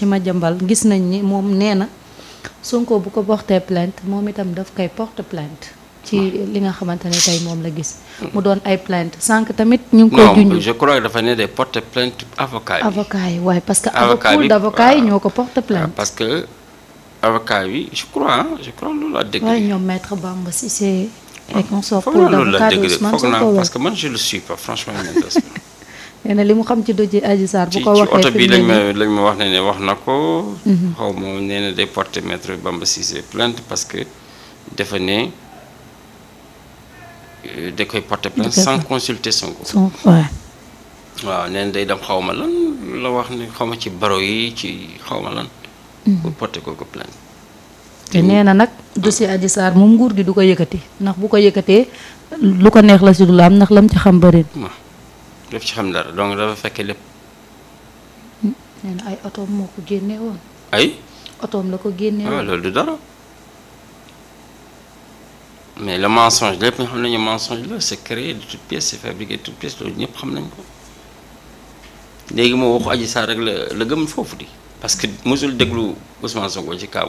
ci ma Madiambal gis nañ ni moom nee na Sonko bu ko porté plainte moom itam daf koy porte plainte ci li nga xamante ne tey moom la gis. mu doon ay plainte sànq tamit. ñu ngi koy junj je crois dafa ne day porter plainte avocat yi. waaye parce que. avocat bi yi ñoo ko porte plainte. parce que avocat yi je crois je crois loolu laa dégg. waaye ñoom maître Bamba si c'est. et qu'on ah, sort pour d'avocat Ousmane Sonko parce que man je le suis pas franchement. nee na li mu xam ci dossier Adji Sarr bu ko waxee ci oto bi lañ ma lañ ma wax ne ne wax na ko mhm. xaw ma nee na day porter maître Bamba Cissé plainte parce que dafa ne euh, da koy porter plainte sans consulter Sonko waaw nee na day dem xaw ma lan la wax ne xaw ma ci baro yi ci xaw ma lan mhm. porte porter ko ko plainte te nee na nag dossier Adji Sarr moom nguur gi du ko yëkkati ndax bu ko yëkkatee lu ko neex la si du la am ndax lam ci xam bëri def ci xam dara donc dafa fekke lépp. nee ay otoom la ko génne woon ah, loolu dara. mais le mensonge lépp nga xam nañu mensonge la c'est créé de toutes pièces c'est fabriqué de toutes pièces loolu ñëpp xam nañ ko léegi moo waxu Adji Sarr rek la la gëm foofu di parce que mosul déglu Ousmane Sonko ci cas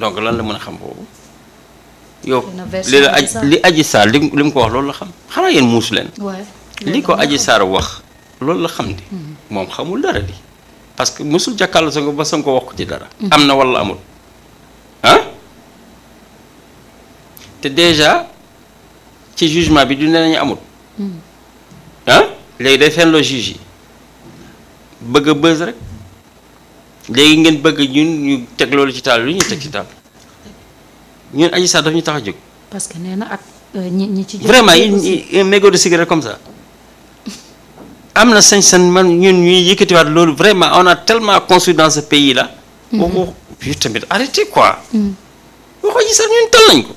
donc lan la mën a xam boobu yow li la aj li mu ko wax loolu la xam xanaa yéen muusu leen li ko Adji Sarr wax loolu la xam ni moom xamul dara li parce que mosul jàkkaarloo Sonko ba sa ko wax ko ci dara. Mm-hmm. am na wala amul ah. te déjà ci jugement bi du ne nañu amul. ah léegi day fen loo juge yi bëgg a bës rek léegi ngeen bëgg ñun ñu teg loolu ci taal lu ñu teg ci taal ñun Adji Sarr daf ñu tax a jóg. parce que nee na ak euh, ñi ñi ci. vraiment un mégot de cigarette comme ça. am na sañ-sañ man ñun ñuy loolu vraiment on a tellement construit dans ce pays là. boo mm-hmm. oh, oh, ko tamit arrêté quoi. Mm-hmm. waxo ji sax ñun tal nañ ko.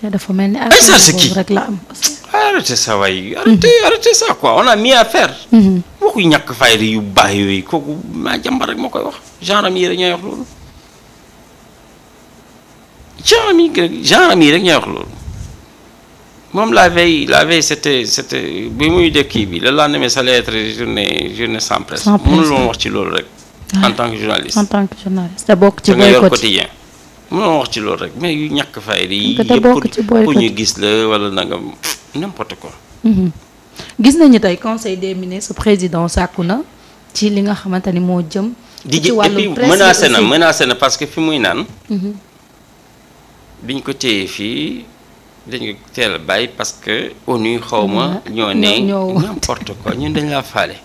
te dafa mel ni rek la mm-hmm. on a mis à faire. waxu ñàkk fayda yu baax yooyu kooku maa moo koy wax genre am yi rek ñooy wax loolu. genre am yi rek ñooy wax loolu. moom la veille la veille c'était c'était bi muy def kii bi le lendemain ça allait être journée journée sans presse. sans presse mënuloon wax ci loolu rek. en ah. tant que journaliste en tant que journaliste. te bokk ci boycott quotidien ci loolu rek te bokk ci boycott yëpp ñu gis n'importe quoi. Mhm. gis nañu tey conseil des ministres président sàkku na ci li nga xamante ni moo jëm. di ci wàllu na menacé na parce que fi muy naan. Mhm. biñ ko téye fii. dañu teel a bàyyi parce que ONU xaw ma mm-hmm. ñoo ne n'importe quoi ñun dañ laa faale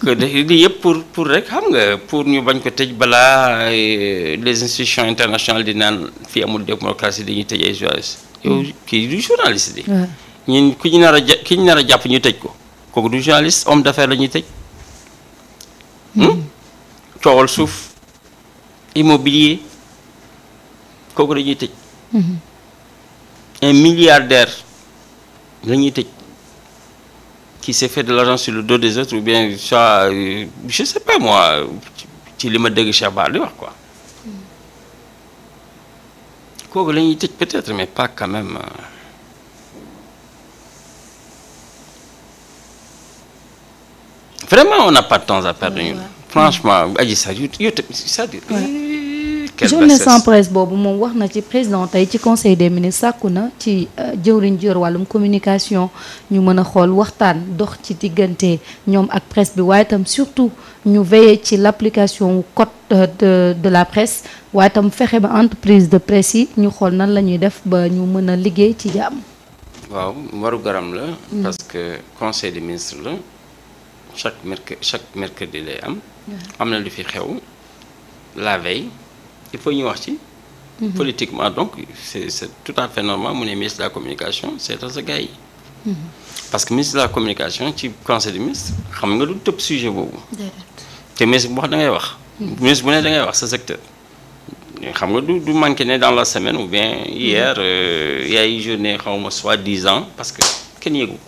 que lii yëpp pour pour rek xam nga pour ñu bañ ko tëj balaa euh, les institutions internationales di naan fii amul démocratie dañuy tëj ay journaliste yow mm-hmm. kii du journaliste bi ñu ki ñu nar jàpp ñu tëj ko kooku du journaliste homme d'affaires la ñuy tëj mm-hmm. hmm? coowal suuf immobilier kooku dañuy tëj mhm. un milliardaire la ñuy tëj qui s'est fait de l'argent sur le dos des autres ou bien soit euh, je sais pas moi ci li ma dégg Cheikh Bara di wax quoi kooku la ñuy peut-être mais pas quand même euh. vraiment on n'a pas de temps à perdre franchement Adji Sarr yu yu dire quelle journée sans presse boobu moom wax na ci président tey ci conseil des ministres sàkku na ci euh, jëwriñ jor wàllum communication ñu mën a xool waxtaan dox ci diggante ñoom ak presse bi waaye itam surtout ñu veiller ci l'application code de de la presse waaye tam fexe ba entreprise de presse yi ñu xool nan la ñuy def ba ñu mën a liggéey ci jàmm. waaw waru garam la. Mm. parce que conseil des ministres la chaque merc chaque mercredi lay am. am na lu fi xew la veille. il faut ñu wax ci. Mhm. politiquement donc c'est c'est tout à fait normal mu ne ministre de la communication seetal sa gars yi. Mhm. parce que ministre de la communication ci conseil des ministres xam nga du tëb sujet boobu. te ministre bu wax mhm. da ngay wax. sa secteur. xam nga du du manqué ne dans la semaine ou bien hier yaay euh, journée xaw ma soit dix ans parce que kenn yëgu ko.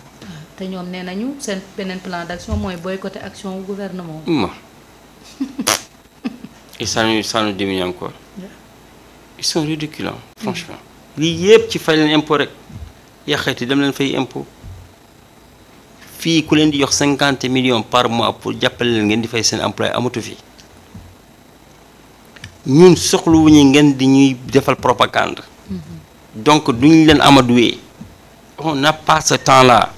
te ñoom nee nañu seen beneen plan d'action mooy boycotter action gouvernement. et ça nous ça nous mm. lii yëpp ci fay leen impôt rek yàqeeti dem leen fay impôt fii ku leen di yox cinquante millions par mois pour jàppale leen ngeen di fay seen employé amatu fi ñun soxluwuñu ngeen di ñuy defal propagande. Mm-hmm. donc duñu leen amadoué. on n'a pas ce temps là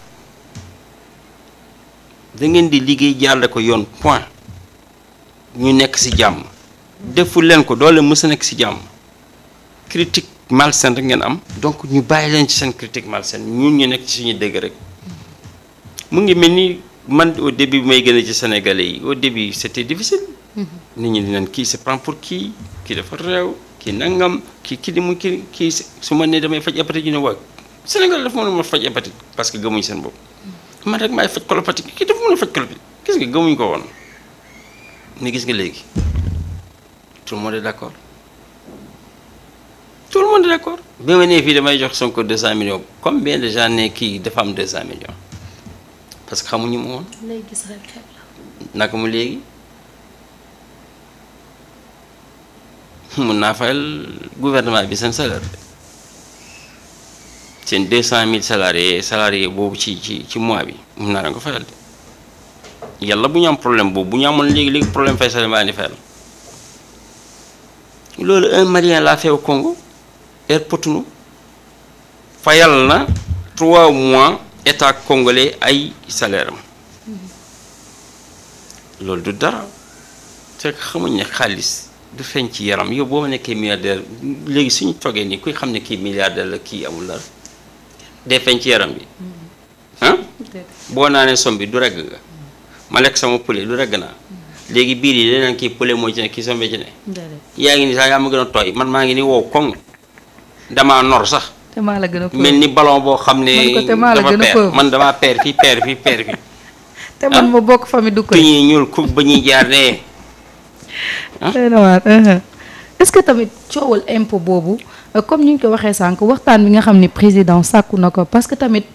da ngeen di liggéey jaarale ko yoon point ñu nekk ci jàmm. deful leen ko doole leen mës a nekk ci jàmm critique malsaine rek ngeen am donc ñu bàyyi leen ci seen critique malsaine ñun ñu nekk ci suñu dëgg rek mu ngi mel ni man au début bi may gën ci Sénégalais yi au début c'était difficile mm-hmm. nit ñi dinañ kii se prend pour kii kii dafa réew kii nangam kii kii di mu kii kii su man nee damay faj hépatite ñu ne waa Sénégal dafa mën faj hépatite parce que gëmuñ seen bopp mm-hmm. man rek maay faj colopathie kii dafa mën faj colopathie gis ko woon gis nga léegi tout le monde est d' accord tout le monde est bi ma nee fii damay jox Sonko 200 millions combien de gens ne kii dafa am 200 millions parce que xamuñu ma naka mu léegi mun naa fayal gouvernement bi seen salaire seen 200000 salariés salariés boobu ci ci ci mois bi mun naa leen ko fayal de yàlla bu ñu am problème boobu bu ñu amoon léegi léegi problème fay salaire maa ni fayal. loolu un Malien l'a fait au Congo vers Cotonou fayal na trois mois état congolais ay salaire am mm-hmm. loolu du dara te xamuñ ne xaalis du feeñ ci yaram yow boo ma nekkee milliardaire léegi suñu toogee nii kuy xam ne kii milliardaire la kii amul dara day feeñ ci yaram bi ah boo naanee som bi du regg nga mm-hmm. ma lekk sama poulet du regg naa léegi biir yi dañ naan kii pële moo ci ne kii sombe ci ne yaa ngi ni sax yaa ma gën a tooy man maa ngi ni wow koŋ damaa nor sax te la gën mel ni balon boo xam ne dama peer man damaa peer fii peer fii peer fii te man ah? ma bokk famille du ko ñuy ñuul ku ba ñuy jaar dee ah? uh-huh. est-ce que tamit coowal impôt boobu euh, comme ni ñu ko waxee sànq waxtaan bi nga xam ne président sàkku na ko parce que tamit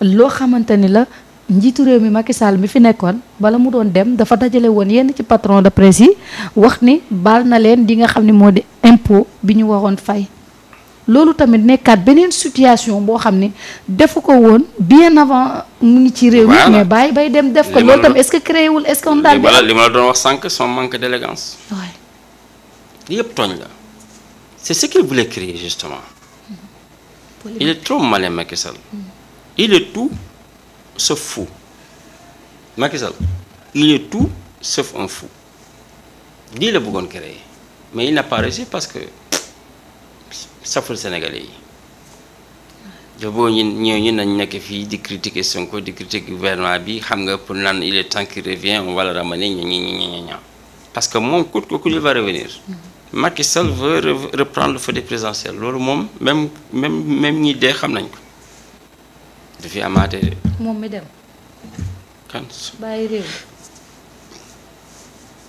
loo xamante ni la njiitu réew mi Macky mi fi nekkoon bala mu doon dem dafa dajale woon yenn ci patron de presse yi wax ni baal na leen di nga xam ne moo di impôt bi ñu waxoon fay loolu tamit nekkaat beneen situation boo xam ne defu ko woon bien avant mu ngi ci réew mi mais bàyyi bay dem def ko loolu tamit est-ce que créé wul scandale bi li ma la doon wax sànq son manque d'élégance waay li yëpp tooñ la c'est ce qu'il voulait créer justement sauf fou Macky Sall il est tout sauf un fou lii la bëggoon créer mais il n'a pas réussi parce que saful sénégalais yi joboo ñu ñëw ñu nañ nekk fii di critiquer Sonko di critiquer gouvernement bi xam nga pour naan il est temps qu'il revient on va le ramener ña ña parce que moom coûte que va revenir Macky veut reprendre le feu des présidentielles loolu moom même même même ñi dee xam nañ ko du fi amaatee moom mi dem. kan bàyyi réew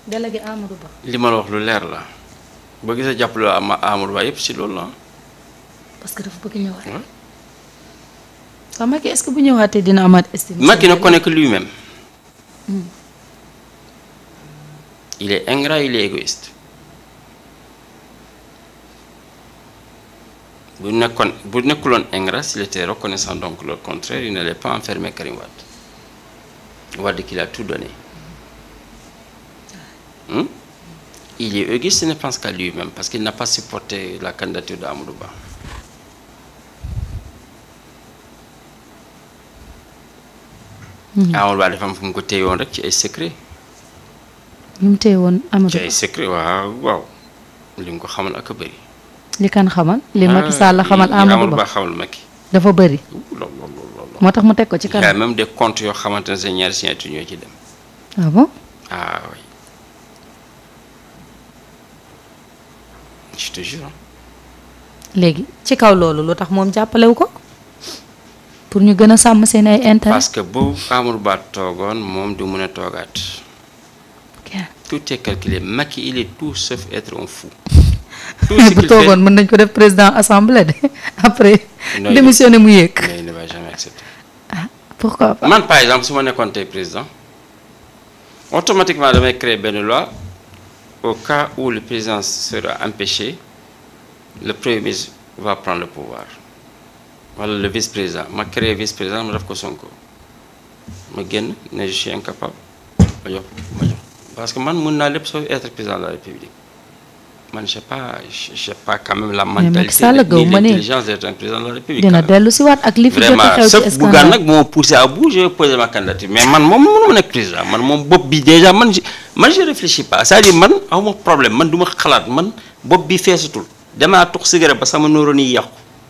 délégué Amadou Ba. li ma la wax lu leer la boo gisee jàppale ama Amadou Ba yëpp si loolu la parce que dafa bëgg ñëwaat. waaw Macky est-ce bu ñëwaatee dina amaat estime. Macky ne connaît que lui-même. Hmm. il est ingrat il est égoïste. bu nekkoon bu nekkuloon ingrats il était reconnaissant donc le contraire il n'allait pas enfermer Karim Wade Wade qu'il a tout donné hmm? il est égoïste il ne pense qu'à lui-même parce qu'il n'a pas supporté la candidature d'Amadou Ba Amadou Ba dafa am fu mu ko téye woon rek ci ay secret ñu mu téye woon Amadou Ba ci ay secret waaw waaw li mu ko xamal ak bëri li kan xamal li Macky ah, Sall xamal Amadou Ba xamal Macky dafa bari moo tax mu teg ko ci kanam y a même des yoo xamante ne sa ñaari signature ñoo ci dem ah bon ah léegi ci kaw loolu lu tax moom jàppalewu ko pour ñu gën a sàmm seen ay intérêt parce que boobu Amadou Ba toogoon moom du mën a toogaat tout est calculé Macky il est tout sauf être fou bu toogoon mën nañ ko def président assemblée de après démissionné mu yéeg il ne va jamais accepter ah pourquoi man par exemple su ma nekkoon tey président automatiquement damay créer benn loi au le président sera empêché le premier ministre va prendre le pouvoir wala le vis président ma créer vice président ma def ko Sonko ma génn ne je suis incapable que man mun naa lépp soo être président de la république man je sais pas je sais pas quand même la mentalité ni l'intelligence d'être un président de la République. dina dellu si waat ak li fi jot a xew ci escandale vraiment nag moo poussé à bout j'ai posé ma candidature mais man moom mënu ma nekk président man moom bopp bi déjà man man je pas c'est-à-dire man awma problème man du xalaat man bopp bi feesatul damaa tux cigarette ba sama neurones yi yàqu.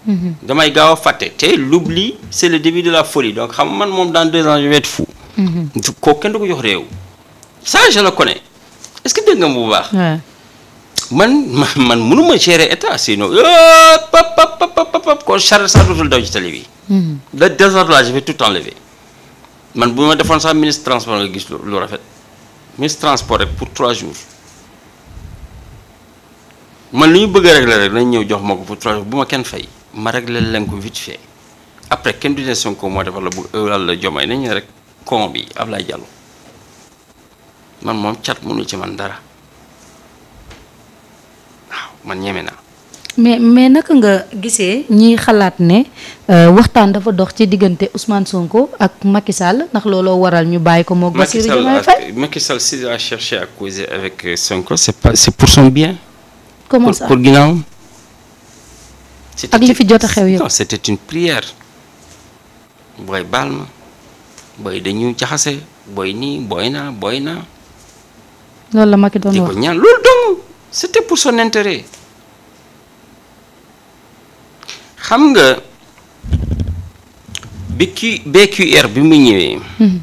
Mhm. damay gaaw a fàtte te l'oubli c'est le début de la folie donc xam man moom dans deux ans je vais être fou. Mhm. kenn du ko jox réew. ça je le connais man man mënuma gérer état sinon pap pap pap pap kon Charles sax dootul daw ci tali bi. Hmm. le désordre là je vais man bu ma defoon sax ministre transport nga gis lu rafet ministre transport rek pour trois jours man li ñu bëgg a régler rek nañ ñëw jox ma ko pour trois jours bu ma kenn fay ma régler leen ko vite fait après kenn du ne Sonko moo defar la bu ëllëg euh, la jomay nañ ne rek con bi Ablaye Diallo man moom cat mënul ci man dara. man ñeme naa. mais mais naka nga gisee ñi xalaat ne euh, waxtaan dafa dox ci diggante Ousmane Sonko ak Macky Sall ndax looloo waral ñu bàyyi ko moog. Bassirou Diomaye Faye Macky Sall si a cherché à causer avec euh, Sonko c'est pas c'est pour son bien. comment ak li fi jot a xew yëpp prière booy baal ma booy dañu jaxase booy nii booy naa booy naa. loolu la Macky doon wax di ko ñaan loolu pour son intérêt. xam nga bi Q BQR bi mu ñëwee. Hmm.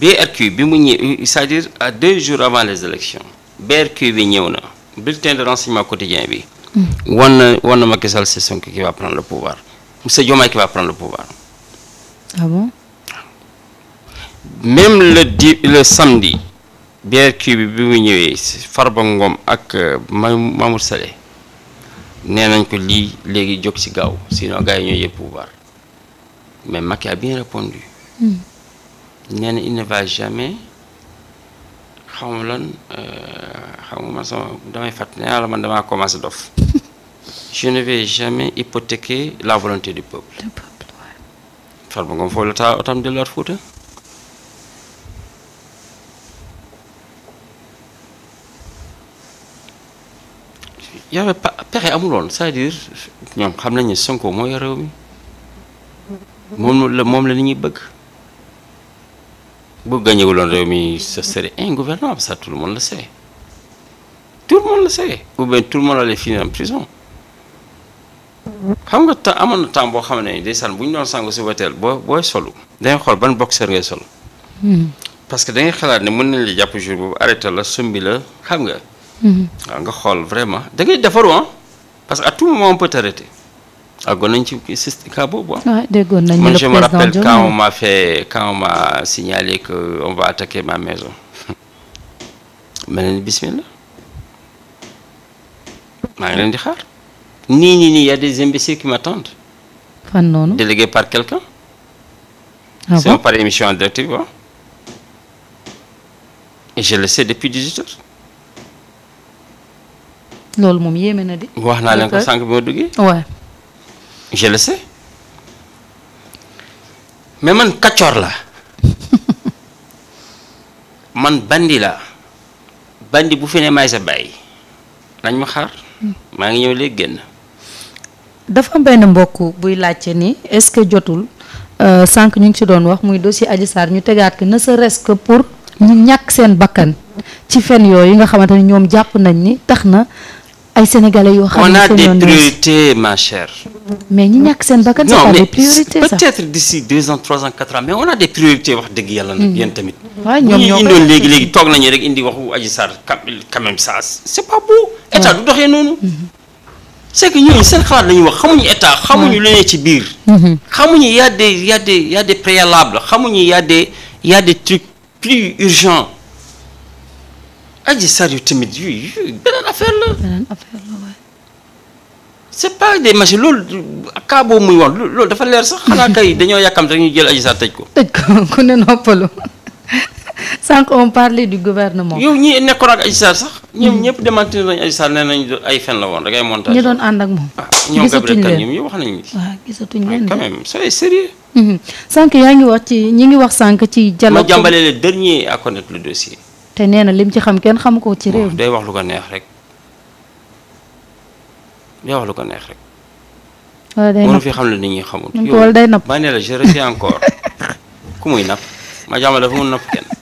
BRQ bi mu ñëwee c'est-à-dire deux jours avant les élections BRQ bi ñëw na bulletin de renseignement quotidien bi. Hmm. wan na wan na Macky Sall c'est Sonko qui va prendre pouvoir monsieur Diomaye qui va prendre le pouvoir. ah le di le samedi BRQ bi mu ñëwee Farba Ngom ak euh, Mamour Saleh. nee nañ ko lii léegi jóg ci gaaw sinon gars yi ñooy yëpp pouvoir mais Macky a bien répondu hmm. nee na il ne va jamais xawma lan euh, xawma sama damay fàttali ne la man damaa commencé dof je ne vais jamais hypothéquer la volonté du peuple Farba Ngom foofu la taa otam delluwaat Fuuta pexe amuloon c'est-à-dire ñoom xam nañu ne Sonko moo yor réew mi moom la moom la ni ñuy bëgg bu gañewuloon réew mi ce serait ingouvernable ça tout le monde le sait tout le monde le sait ou bien tout le monde prison xam nga temps amoon na temps boo xam ne ndeysaan bu ñu doon sangu si weteel boo booy solu dangay xool ban boxeur ngay sol hmm. parce que da xalaat ne mën nañ la jàpp jour boobu arrêté la sumbi la xam nga hmm. waaw nga xool vraiment da ngay parce que à tout moment on peut t'arrêter àggoon ah, nañ ci cas boobu ah. déggoon nañ man je me rappelle quand on m'a fait quand on m'a signalé on va attaquer ma maison. ma leen bismillah maa ngi leen di xaar. nii nii nii y a des imbéciles qui fan noonu délégué par quelqu'un ah un. ah par émission en direct je le sais depuis 18 heures. loolu moom yéeme na di. wax naa leen ko sànq bi ma duggee. waaw. je mais man kaccoor la man bandi la bandi bu fi ne maay sa bàyyi nañ ma xaar. Hmm. maa ngi ñëw léegi génn. dafa am benn mbokk buy laajte ni est-ce que jotul euh, sànq ñu ngi ci doon wax muy dossier Adji Sarr ñu tegaat ko ne serait-ce pour ñu ñàkk seen bakkan ci fen yooyu nga xamante ni ñoom jàpp nañ ni tax na. ay sénégalais yoo xam ne a des priorités ma chère. mais ñi ñàkk seen bakkan. c'est pas des priorités sax mais on a des priorités wax dëgg yàlla nag. Mm. yéen tamit. waaw ñoom ñoo koy indoon léegi léegi toog nañu indi waxu Adji Sarr quand même ça c'est pas beau. état du mm-hmm. c'est que ñooñu seen xalaat la ñuy wax xamuñu état xamuñu lu ne ci biir. Mm-hmm. xamuñu y a ya y a des y a des préalables xamuñu y a des y a plus urgents. Adji Sarr yu timide yu yu beneen affaire la. beneen affaire la waay. c'est pas des machines loolu cas muy wax loolu dafa leer sax xanaa kay dañoo yàkkam rek jël Adji Sarr tëj ko. tëj ko ku ne noppalu sànq on parlait du gouvernement. yow ñi nekkoon ak sax. ñoom ñëpp démentir nañu Adji Sarr nee ay fen la woon rek ay montage. ñi doon ànd ak moom. Ah, gisatuñ leen wax nañu. waaw gisatuñ leen ah, quand mhm. yaa ngi wax ci ñi ngi wax sànq ci. dialogue ma jàmbalee le dernier à connaître le dossier. te nee na lim ci xam kenn xamu ko ci réew day waxlu lu neex rek day wax lu ko neex rek. wala day fi xam la nit ñi xamul. wala day napp ma ne la encore ku muy napp ma jàmm dafa mun